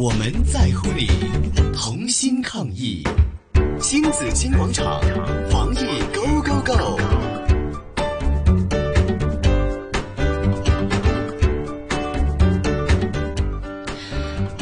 我們在乎你，同心抗疫，新紫金廣場，防疫 go go go。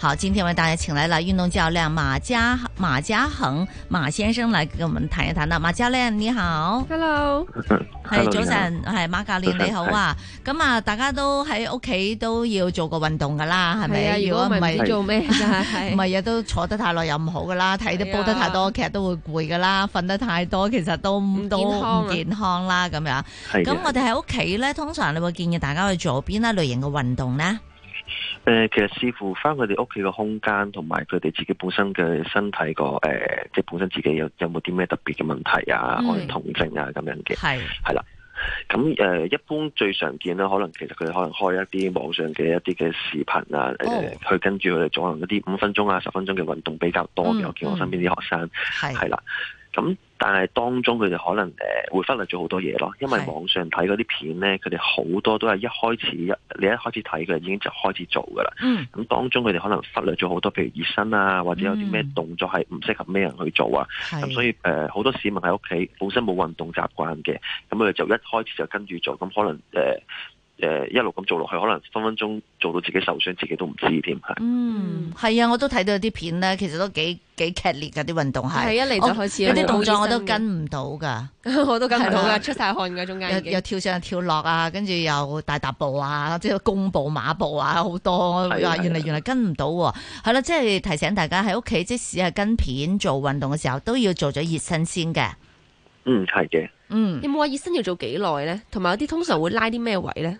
好，今天為大家請來啦運動教練馬家馬家衡馬先生來跟我們談一談。啦、hey, 馬教練你好，Hello，係早晨，係馬教練你好啊。咁啊，大家都喺屋企都要做個運動噶啦，係咪、啊？如果唔係做咩？唔係日都坐得太耐又唔好噶啦，睇得煲得太多，劇都會攰噶啦，瞓得太多其實都不都唔健康啦。咁樣、啊，咁、啊、我哋喺屋企咧，通常你會建議大家去做邊一類型嘅運動呢？誒、呃，其實視乎翻佢哋屋企嘅空間，同埋佢哋自己本身嘅身體個誒、呃，即係本身自己有有冇啲咩特別嘅問題啊，可能、嗯、痛症啊咁樣嘅，係係啦。咁誒、呃，一般最常見咧，可能其實佢哋可能開一啲網上嘅一啲嘅視頻啊，誒、oh. 呃，去跟住佢哋做可能一啲五分鐘啊、十分鐘嘅運動比較多嘅。嗯、我見我身邊啲學生係啦。嗯的咁、嗯，但係當中佢哋可能誒、呃、會忽略咗好多嘢咯，因為網上睇嗰啲片咧，佢哋好多都係一開始一你一開始睇嘅已經就開始做噶啦。咁、嗯、當中佢哋可能忽略咗好多，譬如熱身啊，或者有啲咩動作係唔適合咩人去做啊。咁、嗯、所以誒，好、呃、是的 多市民喺屋企本身冇運動習慣嘅，咁佢哋就一開始就跟住做，咁可能誒。呃誒，一路咁做落去，可能分分鐘做到自己受傷，自己都唔知添。嗯，係啊，我都睇到有啲片咧，其實都幾幾劇烈噶啲運動。係一嚟就、哦、開始有啲動作，我都跟唔到噶， 我都跟唔到噶，的出晒汗嗰種。又又跳上跳落啊，跟住又大踏步啊，即係弓步、馬步啊，好多。的原嚟原嚟跟唔到。係 啦，即係提醒大家喺屋企，即使係跟片做運動嘅時候，都要做咗熱身先嘅。嗯，係嘅。嗯，你有冇話熱身要做幾耐咧？同埋有啲通常會拉啲咩位咧？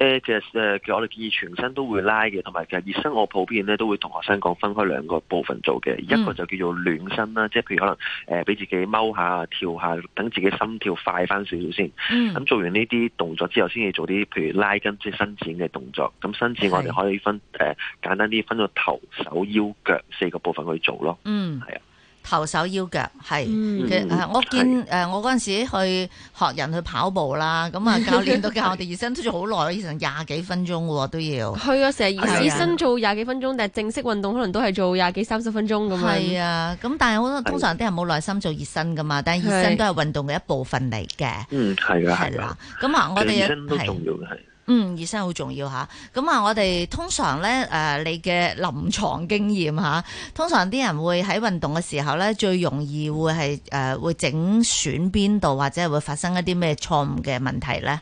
誒、呃就是呃，其實誒，我哋建議全身都會拉嘅，同埋其實熱身我普遍咧都會同學生講分開兩個部分做嘅，一個就叫做暖身啦，嗯、即係譬如可能誒俾、呃、自己踎下、跳下，等自己心跳快翻少少先。嗯，咁做完呢啲動作之後，先至做啲譬如拉筋即係、就是、伸展嘅動作。咁伸展我哋可以分誒是的、呃、簡單啲分到頭、手、腰、腳四個部分去做咯。嗯，係啊。頭手腰腳，係，是嗯、其實我見誒是、呃，我嗰陣時去學人去跑步啦，咁啊教練都教我哋熱身都做，做咗好耐，以前廿幾分鐘嘅都要。去 是要啊，成日熱身做廿幾分鐘，但係正式運動可能都係做廿幾三十分鐘咁啊。係啊，咁但係我覺得通常啲人冇耐心做熱身噶嘛，但係熱身都係運動嘅一部分嚟嘅。嗯，係噶係啦。咁啊的，我哋一提。嗯，醫生好重要吓。咁啊，我哋通常咧誒、呃，你嘅臨床經驗吓，通常啲人會喺運動嘅時候咧，最容易會係誒、呃、會整損邊度，或者係會發生一啲咩錯誤嘅問題咧？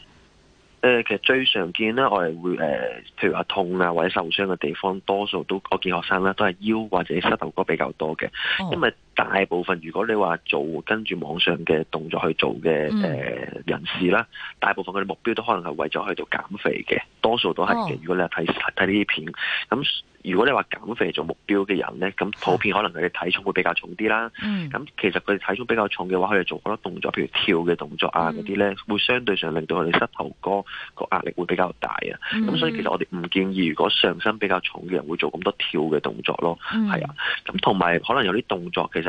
誒、呃，其實最常見咧，我哋會誒、呃，譬如話痛啊或者受傷嘅地方，多數都我見學生啦都係腰或者膝頭哥比較多嘅，哦、因為。大部分如果你話做跟住網上嘅動作去做嘅人士啦，嗯、大部分佢哋目標都可能係為咗去到減肥嘅，多數都係嘅、哦。如果你係睇睇呢啲片，咁如果你話減肥做目標嘅人咧，咁普遍可能佢哋體重會比較重啲啦。咁、嗯、其實佢哋體重比較重嘅話，佢哋做好多動作，譬如跳嘅動作啊嗰啲咧，嗯、會相對上令到佢哋膝頭哥個壓力會比較大啊。咁、嗯、所以其實我哋唔建議如果上身比較重嘅人會做咁多跳嘅動作咯，係、嗯、啊。咁同埋可能有啲動作其實。誒，睇、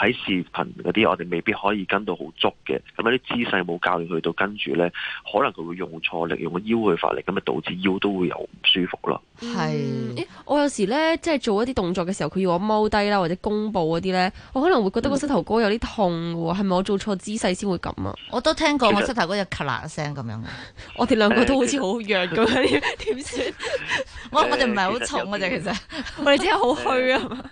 呃、視頻嗰啲我哋未必可以跟到好足嘅，咁有啲姿勢冇教練去到跟住咧，可能佢會用錯力，用個腰去發力，咁啊導致腰都會有唔舒服咯。係、嗯嗯欸，我有時咧即係做一啲動作嘅時候，佢要我踎低啦，或者弓步嗰啲咧，我可能會覺得個膝頭哥有啲痛喎，係咪、嗯、我做錯姿勢先會咁啊？實我都聽講聽過我膝頭哥有咔喇聲咁樣，實我哋兩個都好似好弱咁樣，點算？我我哋唔係好重嘅啫，其實、呃、我哋真係好虛啊。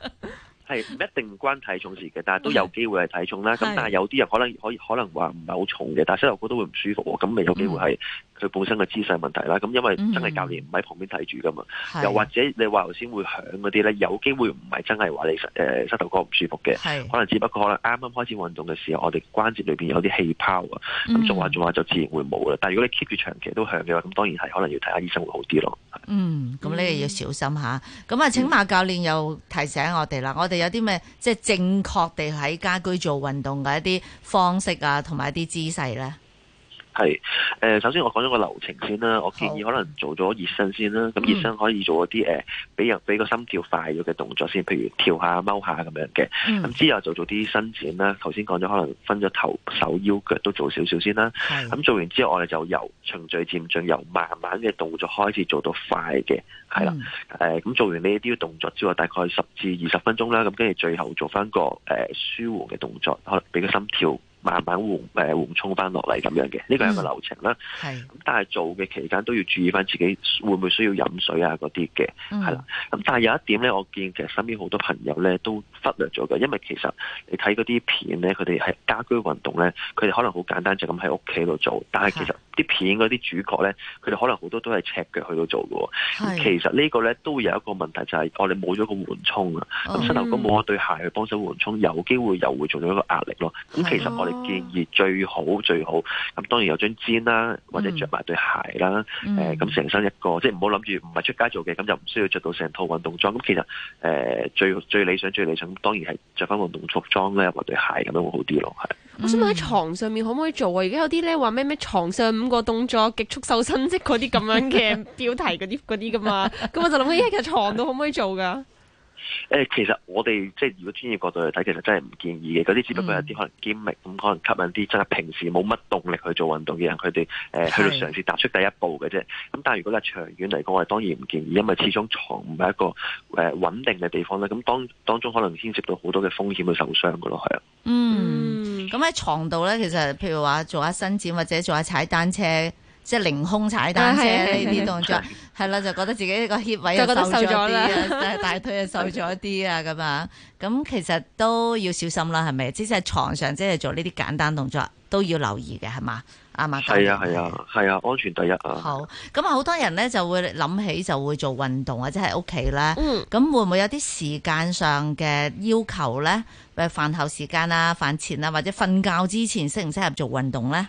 係唔一定關體重的事嘅，但係都有機會係體重啦。咁 Yes. 但係有啲人可能可以可能話唔係好重嘅，但係膝頭哥都會唔舒服，咁咪有機會係。Mm-hmm. 佢本身嘅姿勢問題啦，咁因為真係教練唔喺、嗯、哼旁邊睇住噶嘛，是又或者你話頭先會響嗰啲咧，有機會唔係真係話你誒膝頭哥唔舒服嘅，是可能只不過可能啱啱開始運動嘅時候，我哋關節裏邊有啲氣泡啊，咁做下做下就自然會冇啦。但係如果你 keep 住長期都響嘅話，咁當然係可能要睇下醫生會好啲咯。嗯，咁呢個要小心吓。咁啊、嗯，請馬教練又提醒我哋啦，嗯、我哋有啲咩即係正確地喺家居做運動嘅一啲方式啊，同埋一啲姿勢咧。係，誒、呃，首先我講咗個流程先啦，好我建議可能做咗熱身先啦，咁熱、嗯、身可以做一啲誒，俾、呃、人俾個心跳快咗嘅動作先，譬如跳下、踎下咁樣嘅，咁、嗯、之後就做做啲伸展啦。頭先講咗，可能分咗頭、手、腰、腳都做少少先啦。咁是做完之後，我哋就由循序漸進，由慢慢嘅動作開始做到快嘅，係、嗯、啦，誒、呃，咁做完呢一啲動作之後，大概十至二十分鐘啦，咁跟住最後做翻個誒、呃、舒緩嘅動作，可能俾個心跳。慢慢緩誒緩衝翻落嚟咁樣嘅，呢、這個係個流程啦。咁、嗯、但係做嘅期間都要注意翻自己會唔會需要飲水啊嗰啲嘅，係啦、嗯。咁但係有一點咧，我見其實身邊好多朋友咧都忽略咗嘅，因為其實你睇嗰啲片咧，佢哋係家居運動咧，佢哋可能好簡單就咁喺屋企度做，但係其實啲片嗰啲主角咧，佢哋可能好多都係赤腳去到做嘅。係是，其實個呢個咧都有一個問題，就係、是、我哋冇咗個緩衝啊。咁、嗯、膝頭哥冇咗對鞋去幫手緩衝，有機會又會造成一個壓力咯。咁的其實我哋。建議最好最好咁，當然有張氈啦，或者着埋對鞋啦，誒咁成身一個，即係唔好諗住唔係出街做嘅，咁就唔需要着到成套運動裝。咁其實誒、呃、最最理想最理想，當然係着翻運動服裝咧，或對鞋咁樣會好啲咯。係、嗯。我想問喺床上面可唔可以做啊？而家有啲咧話咩咩床上五個動作極速瘦身式嗰啲咁樣嘅標題嗰啲嗰啲噶嘛？咁 我就諗起一日床度可唔可以做㗎？ 誒、呃，其實我哋即係如果專業角度嚟睇，其實真係唔建議嘅。嗰啲只不過係啲可能堅力，咁可能吸引啲真係平時冇乜動力去做運動嘅人，佢哋誒去到嘗試踏出第一步嘅啫。咁但係如果係長遠嚟講，我哋當然唔建議，因為始終床唔係一個誒穩定嘅地方咧。咁當當中可能牽涉到好多嘅風險去受傷噶咯，係啊。嗯，咁喺床度咧，其實譬如話做下伸展或者做下踩單車。即係凌空踩單車呢啲動作，係啦、啊，就覺得自己個 Hip 位又瘦咗啲 大腿又瘦咗啲啊咁樣。咁 其實都要小心啦，係咪？即使係床上即係做呢啲簡單動作，都要留意嘅，係嘛？啱馬 Sir。係啊係啊係啊，安全第一啊！好。咁啊，好多人咧就會諗起就會做運動或者喺屋企咧，咁、嗯、會唔會有啲時間上嘅要求咧？誒，飯後時間啊，飯前啊，或者瞓覺之前，適唔適合做運動咧？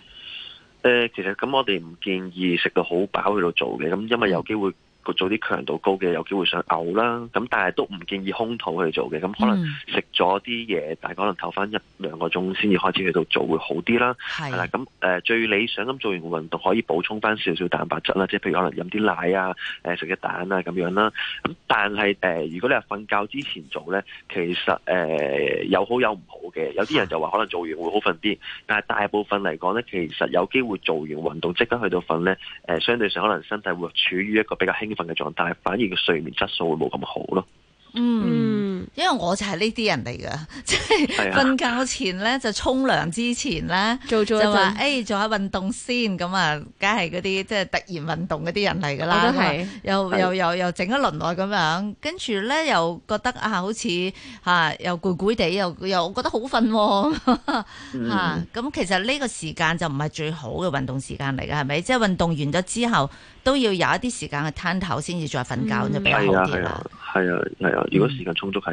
誒，其實咁我哋唔建議食到好飽去到做嘅，咁因為有機會。做啲強度高嘅有機會想嘔啦，咁但係都唔建議空肚去做嘅，咁可能食咗啲嘢，但係可能唞翻一兩個鐘先至開始去到做會好啲啦。係啦是，咁誒最理想咁做完運動可以補充翻少少蛋白質啦，即係譬如可能飲啲奶啊，誒食啲蛋啊咁樣啦。咁但係誒、呃、如果你係瞓覺之前做咧，其實誒、呃、有好有唔好嘅，有啲人就話可能做完會好瞓啲，但係大部分嚟講咧，其實有機會做完運動即刻去到瞓咧，誒、呃、相對上可能身體會處於一個比較輕瞓嘅狀態，反而嘅睡眠質素會冇咁好咯。嗯。因為我就係呢啲人嚟噶，即係瞓覺前咧就沖涼之前咧，就話誒、哎、做下運動先咁啊，梗係嗰啲即係突然運動嗰啲人嚟噶啦，又又又又整一輪我咁樣，跟住咧又覺得啊好似吓、啊、又攰攰地又又，又覺得好瞓吓、哦、咁、嗯啊、其實呢個時間就唔係最好嘅運動時間嚟噶，係咪？即係運動完咗之後都要有一啲時間去攤頭先至再瞓覺、嗯、就比較好啲啦。係啊係啊，係啊，係啊，係啊，如果時間充足係。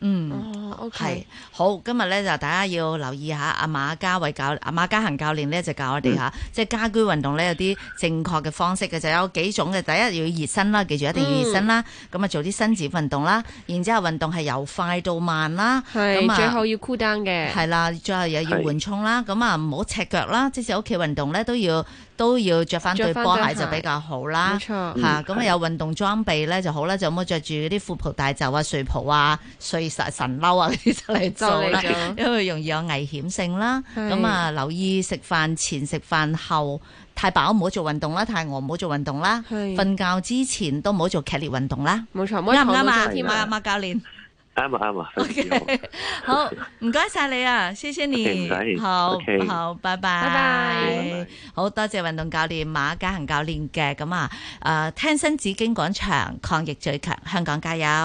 嗯，係、哦 okay、好，今日咧就大家要留意一下阿馬嘉偉教阿馬家衡教練呢就教我哋吓，嗯、即係家居運動咧有啲正確嘅方式嘅，就有幾種嘅。第一要熱身啦，記住一定要熱身啦。咁啊、嗯、做啲伸展運動啦，然之後運動係由快到慢啦，咁是啊最後要 cool down 嘅，係啦，最後又要緩衝啦。咁的啊唔好赤腳啦，即使屋企運動咧都要都要着翻對波鞋就比較好啦。冇錯吓，咁啊、嗯嗯、有運動裝備咧就好啦，就咁啊着住啲闊袍大袖啊、睡袍啊、其實神嬲啊，嗰啲就嚟做啦，因為容易有危險性啦。咁啊，留意食飯前、食飯後太飽唔好做運動啦，太餓唔好做運動啦。瞓覺之前都唔好做劇烈運動啦。冇錯，啱唔啱啊？天馬阿馬教練，啱啊啱啊。好，唔該晒你啊，謝謝你。好，好，拜拜，拜拜。好多謝運動教練馬家衡教練嘅。咁啊，誒，聽新紫荊廣場抗疫最強，香港加油！